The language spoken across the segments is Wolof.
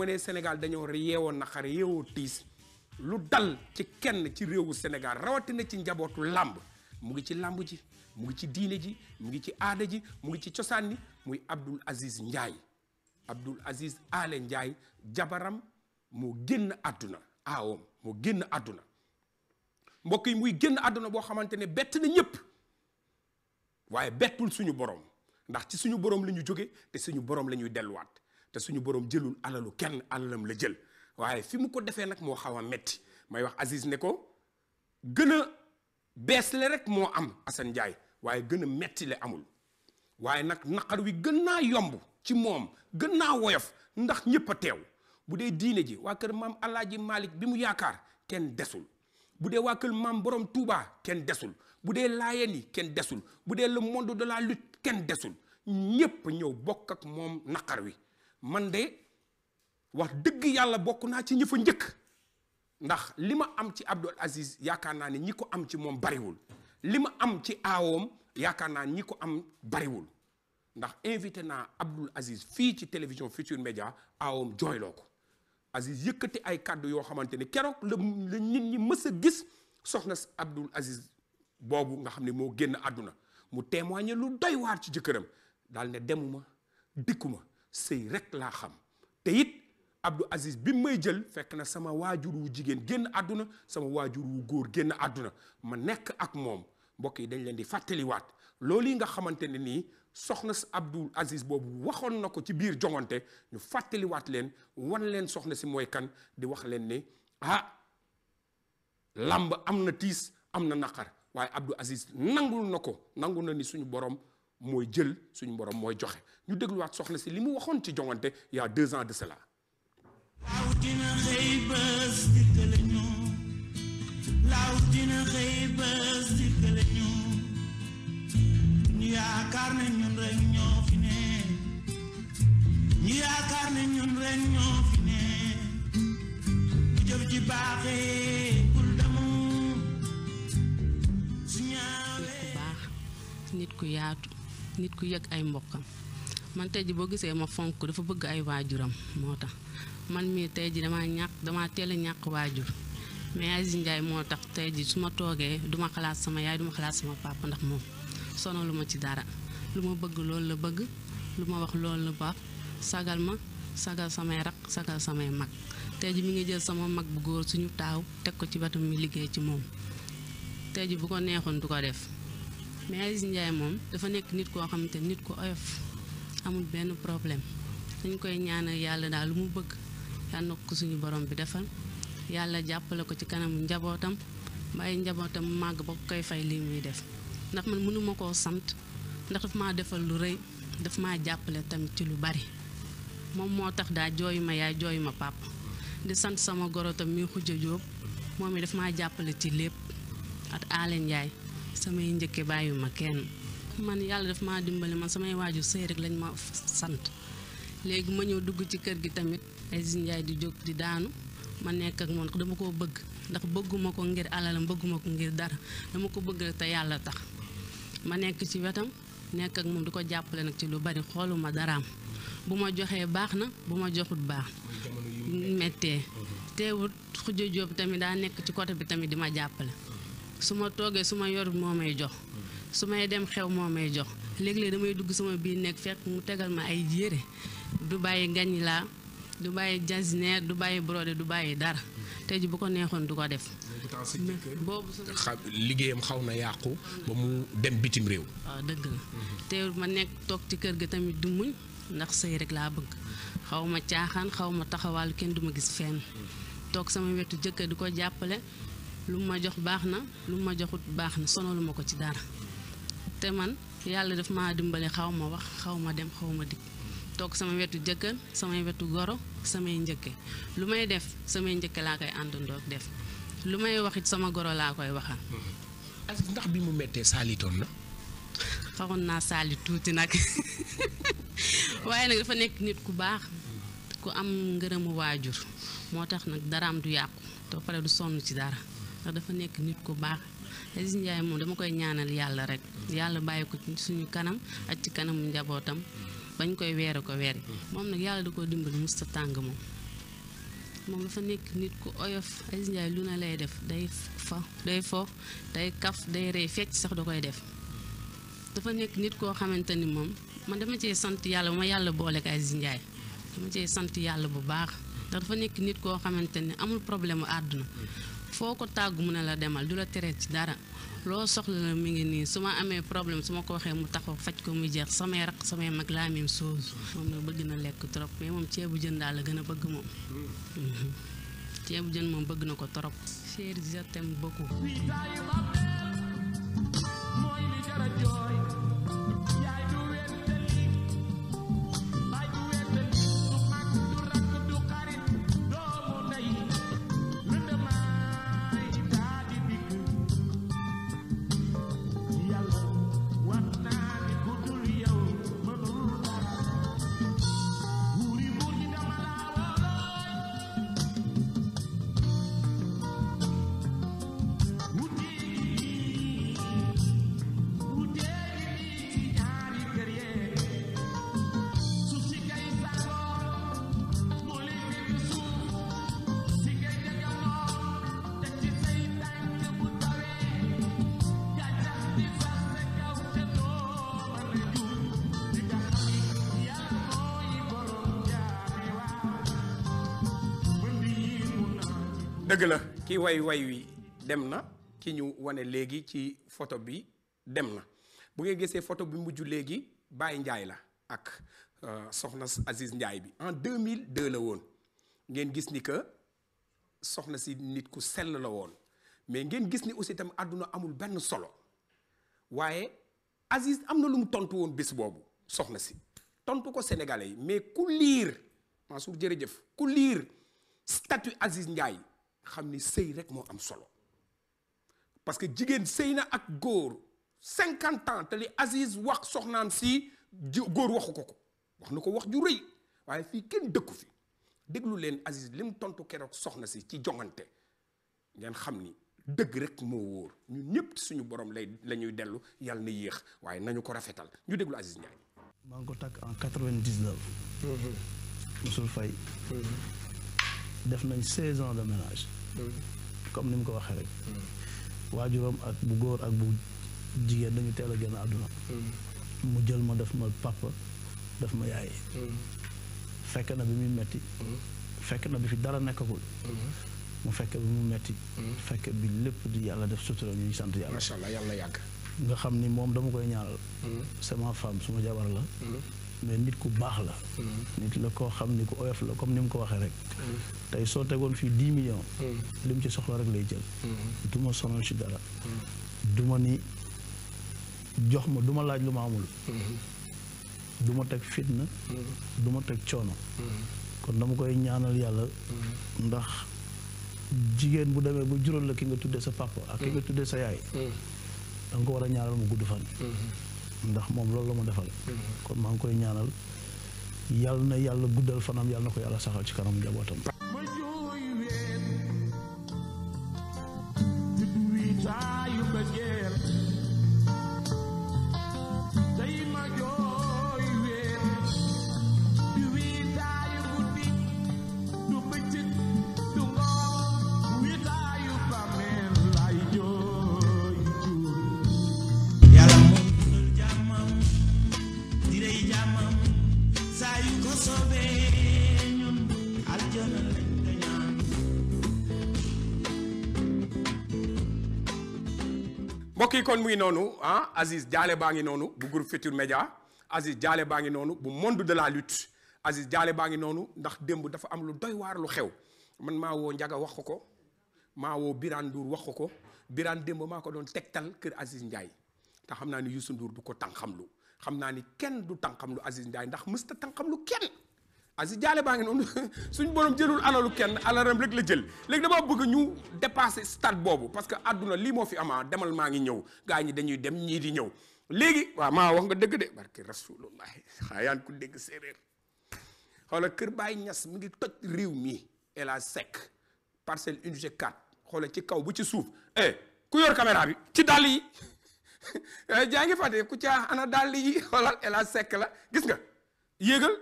ma ne Sénégal dañoo yeewoo naqar yeewoo tiis lu dal ci kenn ci réewu Sénégal rawatina ci njabootu làmb mu ngi ci làmb ji mu ngi ci diine ji mu ngi ci aada ji mu ngi ci cosaan ni muy Abdoul Aziz Ndiaye Abdoul Aziz Ale Ndiaye jabaram moo génn àdduna aawam moo génn àdduna mbokk yi muy génn àdduna boo xamante ne bett na ñëpp waaye bettul suñu borom ndax ci suñu borom la ñu jóge te suñu borom la ñuy delluwaat te suñu borom jëlul alalu kenn alalam la jël waaye fi mu ko defee nag moo xaw a metti may wax Aziz ne ko gën a bees le rek moo am Assane Ndiaye waaye gën a metti le amul waaye nag naqar wi gën naa yomb ci moom gën naa woyof ndax ñëpp a teew bu dee diine ji waa kër maam ji Malick bi mu yaakaar kenn desul bu dee waa kër maam borom Touba kenn desul bu dee laayeen yi kenn desul bu dee le kenn desul ñëpp ñëw bokk ak moom naqar wi man de wax dëgg yàlla bokk naa ci ñi fa njëkk ndax li ma am ci Abdul Aziz yaakaar naa ne ñi ko am ci moom bariwul li ma am ci aawoom yaakaar naa ñi ko am bariwul ndax invité naa Abdul Aziz fii ci télévision Futur Média aawoom jooyloo ko Aziz yëkkati ay kàddu yoo xamante ni keroog la la nit ñi mës a gis soxna Abdul Aziz boobu nga xam ne moo génn àdduna mu témoigner lu doy waar ci jëkkëram daal ne demuma dikkuma sëy rek laa xam te it Abdou Aziz bi may jël fekk na sama waajur wu jigéen génn àdduna sama waajur wu góor génn àdduna ma nekk ak moom mbokk yi dañ leen di fàttaliwaat loolu yi nga xamante ne nii soxna si Abdou Aziz boobu waxoon na ko ci biir joŋante ñu fàttaliwaat leen wan leen soxna si mooy kan di wax leen ni ah làmb am na tiis am na naqar waaye Abdou Aziz nangul na ko nangu na ni suñu borom. mooy jël suñu borom mooy joxe ñu dégluwaat soxna si li mu waxoon ci joŋante il y a deux ans nit ku yëg ay mbokkam man tey ji boo gisee ma fonk dafa bëgg ay waajuram moo tax man mii tey ji damaa ñàkk damaa teel a ñàkk waajur mais Aziz Ndiaye moo tax tey ji su ma toogee duma xalaat sama yaay duma xalaat sama pàpp ndax moom sono lu ma ci dara lu ma bëgg loolu la bëgg lu ma wax loolu la baax sagal ma sagal samay rak sagal samay mag tey ji mi ngi jël sama mag bu góor suñu taaw teg ko ci wetam liggéey ci moom tey ji bu ko neexoon du ko def mais Aziz Ndiaye moom dafa nekk nit koo xamante nit ku oyof amul benn problème dañ koy ñaanal yàlla daal lu mu bëgg yàlla ko suñu borom bi defal yàlla jàppale ko ci kanamu njabootam bàyyi njabootam màgg ba koy fay lii muy def ndax man mënuma koo sant ndax daf maa defal lu rëy daf maa jàppale tamit ci lu bari moom moo tax daa jooyu ma yaay jooyu ma pàpp di sant sama gorotam mi xuj a jóob moom it daf maa jàppale ci lépp at ale Ndiaye samay njëkke bàyyi ma kenn man yàlla daf ma dimbali man samay waajur sëy lañu ma sant léegi ma ñëw dugg ci kër gi tamit Aziz Ndiaye di jóg di daanu ma nekk ak moom dama ko bëgg ndax bëgguma ko ngir alalam bëgguma ko ngir dara dama ko bëgg te yàlla tax ma nekk ci wetam nekk ak moom du ko jàppale nag ci lu bari xooluma daraam bu ma joxee baax na bu ma joxut baax mettee teewut xujo jóob tamit daa nekk ci côté bi tamit di ma jàppale su ma toogee su ma yor moo may jox su may dem xew moo may jox léeg-léeg damay dugg sama biir nekk fekk mu tegal ma ay yére du bàyyi gañ laa du bàyyi jasneer du bàyyi brodé du bàyyi dara te ji bu ko neexoon du ko def boobu liggéeyam xaw na yàqu ba mu dem bitim réew ah, dëgg la te ma nekk toog ci kër gi tamit du muñ ndax sëy rek laa bëgg xaw ma caaxaan xaw ma taxawaalu kenn du ma gis fenn toog sama wetu jëkkër di ko jàppale lu ma jox baax na lu ma joxut baax na sonalu ma ko ci dara te man yàlla daf ma dimbali xaw ma wax xaw ma dem xaw ma dikk toog sama wetu jëkkër samay wetu goro samay njëkke lu may def samay njëkke laa koy àndandoog def lu may waxit sama goro laa koy waxal ndax bi mu mettee saalitoon na xawoon naa saali tuuti nag waaye nag dafa nekk nit ku baax ku am ngërëmu waajur moo tax nag daraam du yàqu te pare du sonn ci dara ndax dafa nekk nit ku baax Aziz Ndiaye moom dama koy ñaanal yàlla rek yàlla bàyyi ko ci suñu kanam ak ci kanamu njabootam bañ koy weere ko weer moom nag yàlla di koo dimbali musta tàng moom moom dafa nekk nit ku oyof Aziz lu na lay def day fa day fo day kaf day rey sax da koy def dafa nekk nit koo xamante ni moom man dama cee sant yàlla ma yàlla boole ay Aziz dama cee sant yàlla bu baax ndax dafa nekk nit koo xamante ni amul problème mu àdduna foo ko tàggu mu ne la demal du la tere ci dara loo soxla la mi ngi nii su ma amee problème su ma ko waxee mu taxaw faj ko mu jeex samay raq samay mag la même chose moom nag bëgg na lekk trop mais moom ceebu jën daal la gën a bëgg moom ceebu jën moom bëgg na ko trop chéri je t'aime beaucoup dëgg la ki way way wi dem na ki ñu wane léegi ci photo bi dem na bu ngeen gisee photo bi mujj léegi bàyyi njaay la ak euh, soxna Aziz Ndiaye bi en 2002 la woon ngeen gis ni que soxna si nit ku sell la woon mais ngeen gis ni aussi itam àdduna amul benn solo waaye Aziz am na lu mu tontu woon bis boobu soxna si tontu ko Sénégalais yi mais ku liir Mansour jërëjëf ku liir statut Aziz Ndiaye xam ni sëy rek moo am solo parce que jigéen sëy na ak góor cinquante ans te li Aziz wax soxnaam si góor waxu ko ko wax na ko wax ju rëy waaye fii kenn dëkku fi déglu leen Aziz lim tontu keroog soxna si ci jongante ngeen xam ni dëgg rek moo wóor ñu ñëpp suñu borom lay la ñuy dellu yàlla na yéex waaye nañu ko rafetal ñu déglu Aziz Ndiaye. maa ngi ko takk en quatre-vingt-dix-neuf. Mm-hmm. Mosul fay. Mm-hmm. def nañ seize ans de ménage comme ni mu ko waxee rek waajuram ak bu góor ak bu jigéen dañu teel a génn àdduna mu jël ma def ma papa def ma yaay fekk na bi muy metti fekk na bi fi dara nekkagul mu fekk bi mu metti fekk bi lépp di yàlla def sutura ñuy sant yàlla macha allah yàlla yàgg nga xam ni moom dama koy ñaanal c'est ma suma jabar la mais nit ku baax la nit la koo xam ni ku oyof la comme ni mu ko waxee rek tey soo tegoon fii dix millions li mu ci soxla rek lay jël du ma sonal ci dara du ma ni jox ma duma laaj lu ma amul du ma teg fitna du ma teg coono kon dama koy ñaanal yàlla ndax jigéen bu demee bu jural la ki nga tuddee sa papa ak ki nga tuddee sa yaay mm. danga ko war a ñaanal mu gudd fan ndax moom loolu la ma defal mm-hmm. kon maa ngi koy ñaanal yàlla na yàlla guddal fanam yàlla na ko yàlla saxal ci kanam njabootam mbokk yi kon muy noonu ah Aziz Diallo baa ngi noonu bu groupe Futur Média Aziz Diallo baa ngi noonu bu monde de la lutte Aziz Diallo baa ngi noonu ndax démb dafa am lu doy waar lu xew man maa woo Ndiaga wax ko ko maa woo wax ko ko Birane démb maa ko doon tegtal kër Aziz Ndiaye te xam naa ni Youssou nduur du ko lu xam naa ni kenn du tànqamlu Aziz Ndiaye ndax mësta lu kenn ah si jaale baa ngi noonu suñ borom jëlul alalu kenn alalam rek la jël léegi dama bëgg ñu dépasser stade boobu parce que àdduna lii moo fi ama ah, demal maa ngi ñëw gaa ñi dañuy dem ñii di ñëw léegi waaw maa wax nga dëgg de barke rasulullahi xaayaan ku dégg séeréer xoolal kër Baay Ñas mi ngi toj réew mi El Hadj Seck parcelle unité 4 xoolal ci kaw bu ci suuf eh ku yor caméra bi ci dàll yi eh, jaa ngi fàtte ku caa ana dàll yi xoolal la Hadj la gis nga yéegal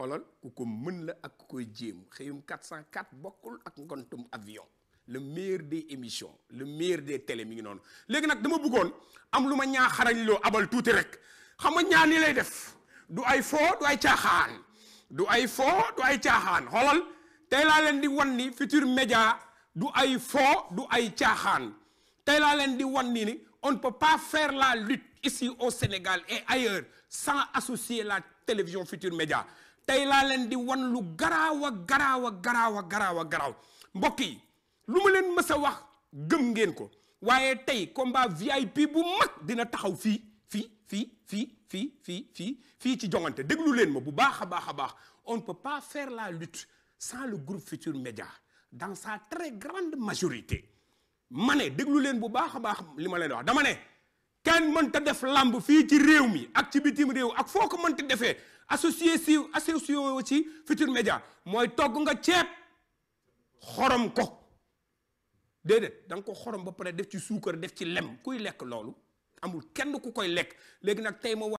xoolal ku ko mën la ak ku koy jéem cent 404 bokkul ak ngontum avion le meilleur des émission le meilleur de télé mi ngi noonu léegi nag dama bëggoon am lu ma ñaa xarañ loo abal tuuti rek xam nga ñaa ni lay def du ay foo du ay caaxaan du ay foo du ay caaxaan xoolal tey laa leen di wan ni Futurs Médias du ay foo du ay caaxaan tey laa leen di wan ni ni on ne pas faire la lutte ici au Sénégal et ailleurs sans associer la télévision Futurs Médias tey laa leen di wan lu garaaw a garaaw a garaaw a garaaw a garaaw mbokk yi lu ma leen mës a wax gëm ngeen ko waaye tey combat VIP bu mag dina taxaw fii fii fii fii fii fii fii fii ci jongante déglu leen ma bu baax a baax a baax on peut pas faire la lutte sans le groupe Futur Média dans sa très grande majorité ma ne déglu leen bu baax a baax li ma leen wax dama ne kenn mënta def lamb fii ci réew mi ak ci bitim réew ak foo ko mënta defee associé si associé ci Futurs Médias mooy togg nga ceeb xorom ko déedéet da nga ko xorom ba pare def ci suukar def ci lem kuy lekk loolu amul kenn ku koy lekk léegi nag tey ma